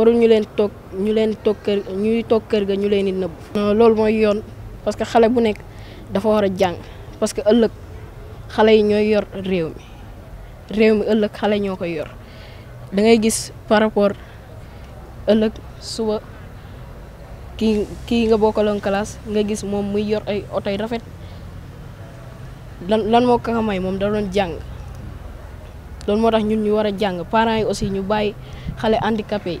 waru ñu leen tok ñu leen tok kër ñuy tok kër ga ñu leen di nëbb euh, lool moy yoon parce que xalé bu nek dafa wara jang parce que ëlëk xalé yi ñoy yor réew mi réew mi ëlëk xalé ñoko yor da ngay gis par rapport ëlëk suba ki ki nga bokkaloon class nga gis mom muy yor ay oto rafet lan lan moo ko may mom da doon jang lool motax ñun ñu wara jang parents yi aussi ñu bay xalé handicapé yi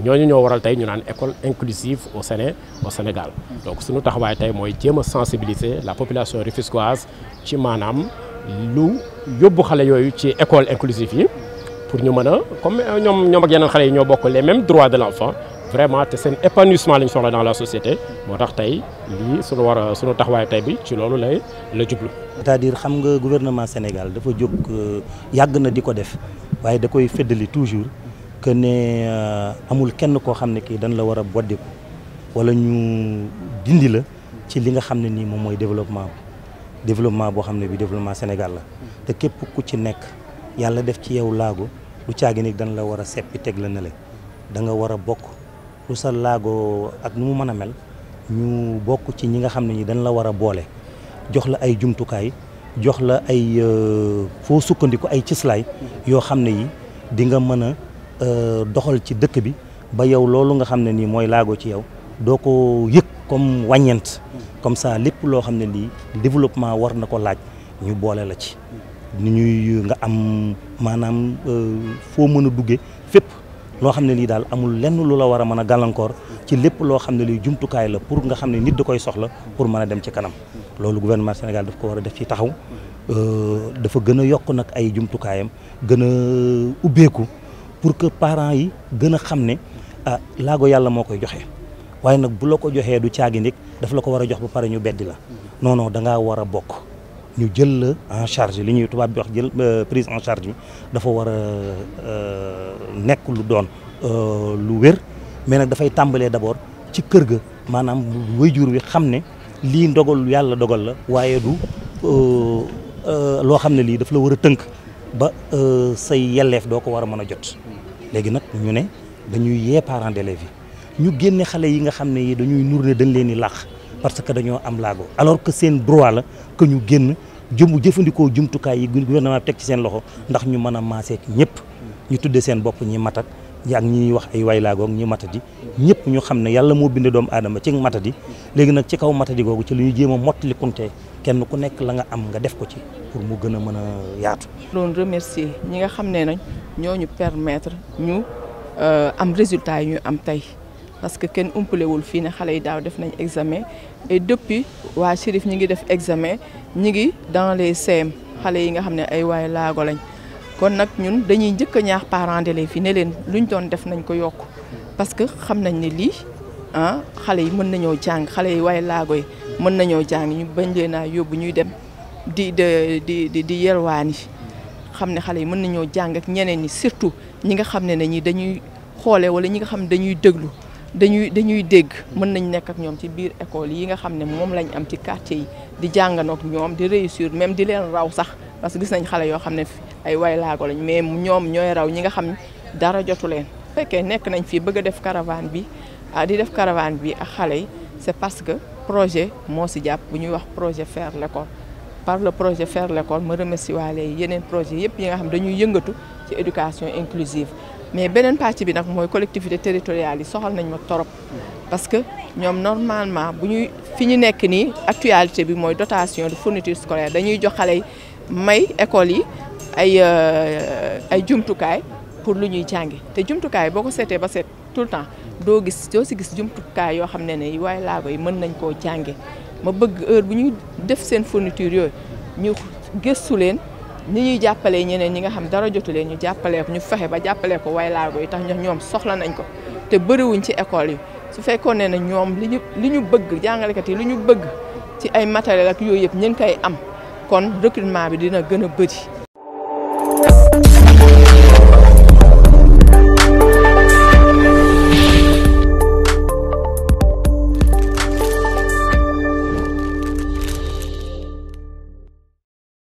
ñooñu ñoo waral tey ñu naan école inclusive au Séné au Sénégal donc suñu taxawaay tey mooy jéem a sensibiliser la population rufisquoise ci maanaam lu yóbbu xale yooyu ci école inclusive yi pour ñu mën comme ñoom ñoom ak yeneen xale yi ñoo bokk les mêmes droits de l'enfant vraiment c'est un épanouissement la ñu dans la société moo tax tey lii suñu war a suñu taxawaay tey bi ci loolu lay la jublu. c'est-à-dire xam nga gouvernement Sénégal dafa jóg euh, yàgg na di ko def waaye da koy féddali toujours. que ne euh, amul kenn koo xam ne kii dañ la war a boddiku wala ñu dindi la ci li nga xam ne nii moom mooy développement développement boo xam ne bi développement Sénégal la mm. te képp ku ci nekk yàlla def ci yow laago lu caagi ni dañ la war a seppi teg la ne da nga war a bokk lu sa laago ak nu mu mën a mel ñu bokk ci ñi nga xam ne ñi dañ la war a boole jox la ay jumtukaay jox la ay euh, foo sukkandiku ay cislaay mm. yoo xam ne yi di nga mën Euh, doxal ci dëkk bi ba yow loolu nga xam ne nii mooy laagoo ci yow doo ko yëg comme wàññeent comme ça lépp loo xam ne lii développement war na ko laaj ñu boole la ci ni ñuy nga am maanaam euh, foo mën a duggee fépp loo xam ne lii daal amul lenn lu la war a mën a gàllankoor ci lépp loo xam ne lii jumtukaay la pour nga xam ne nit da koy soxla pour mën a dem ci kanam loolu gouvernement Sénégal daf ko war a def ci taxaw euh, dafa gën a yokk nag ay jumtukaayam gën a ubbeeku pour que parents yi gën a xam ne ah laago yàlla moo koy joxe waaye nag bu la ko joxee du caagi ndik daf la ko war a jox ba pare ñu beddi la non non da ngaa war a bokk ñu jël la en charge li ñuy tubaab bi wax jël euh, prise en charge bi dafa war a euh, nekk lu doon euh, lu wér mais nag dafay tàmbalee d'abord ci kër ga maanaam waajur wi xam ne lii ndogal yàlla dogal la waaye du loo xam ne lii daf la war a tënk ba euh, sa yelleef doo ko war a mën a jot léegi nag ñu ne dañuy yee parents d'élèves yi ñu génne xale yi nga xam ne yi dañuy nur ne dañ leen di làq parce que dañoo am laago alors que seen droit la que ñu génn jëm jëfandikoo jumtukaay yi gouvernement bi teg ci seen loxo ndax ñu mën a maaseek ñëpp ñu tudde seen bopp ñi matak ak ñi ñuy wax ay waay laagoog ñi matadi ñëpp ñu xam ne yàlla moo bind doomu aadama ci matadi léegi nag ci kaw matadi googu ci a mottali kunte kenn ku nekk la nga am nga def ko ci pour mu gën a mën a yaatu. doon remercier ñi nga xam ne nañ ñoo ñu permettre ñu euh, am résultat yi ñu am tey parce que kenn umpalewul fii ne xale yi daaw def nañ examen et depuis waa Chérif ñi ngi def examen ñi ngi dans les CM xale yi nga xam ne ay waay laago lañ kon nag ñun dañuy njëkk a ñaax parents d'élèves fi ne leen luñ doon def nañ ko yokk parce que xam nañ ne lii ah xale yi mën nañoo jàng xale yi waay laago yi. mën nañoo jàng ñu bañ leen a yóbbu ñuy dem di di di di yelwaani xam ne xale yi mën nañoo jàng ñeneen yi surtout ñi nga xam ne ne ñi dañuy xoole wala ñi nga xam ne dañuy déglu dañuy dañuy dégg mën nañ nekk ak ñoom ci biir école yi nga xam ne moom lañ am ci quartier yi di jànganook ñoom di réussir même di leen raw sax parce que gis nañ xale yoo xam ne ay way lañ mais ñoom ñooy raw ñi nga xam dara jotu leen. bu fekkee nekk nañ fii bëgg a def caravane bi ah di def caravane bi ak xale yi c'est parce que. projet moo si jàpp bu wax projet faire l'école par le projet faire l'école ma remercie waale projets, projet yep, yi nga xam dañuy yëngatu ci éducation inclusive mais beneen pàcc bi nag mooy collectivité territoriale yi soxal nañ ma torop parce que ñoom normalement bu ñuy fi ñu nekk nii actualité bi dotation de fourniture scolaire dañuy jox xale yi may école yi ay euh, ay jumtukaay pour nous ñuy jàngi te jumtukaay boo ko ba tout le temps doo gis doo si gis jumtukaay yoo xam ne ne waaye laaba yi mën nañ koo jànge ma bëgg heure bu ñuy def seen fourniture yooyu ñu gëstu leen ni ñuy jàppalee ñeneen ñi nga xam dara jotu leen ñu jàppalee ko ñu fexe ba jàppalee ko waaye laaba yi tax ñoom soxla nañ ko te bëriwuñ ci école yi su fekkoon ne na ñoom li ñu li ñu bëgg jàngalekat yi li ñu bëgg ci ay matériel ak yooyu yëpp ñu ngi koy am kon recrutement bi dina gën a bëri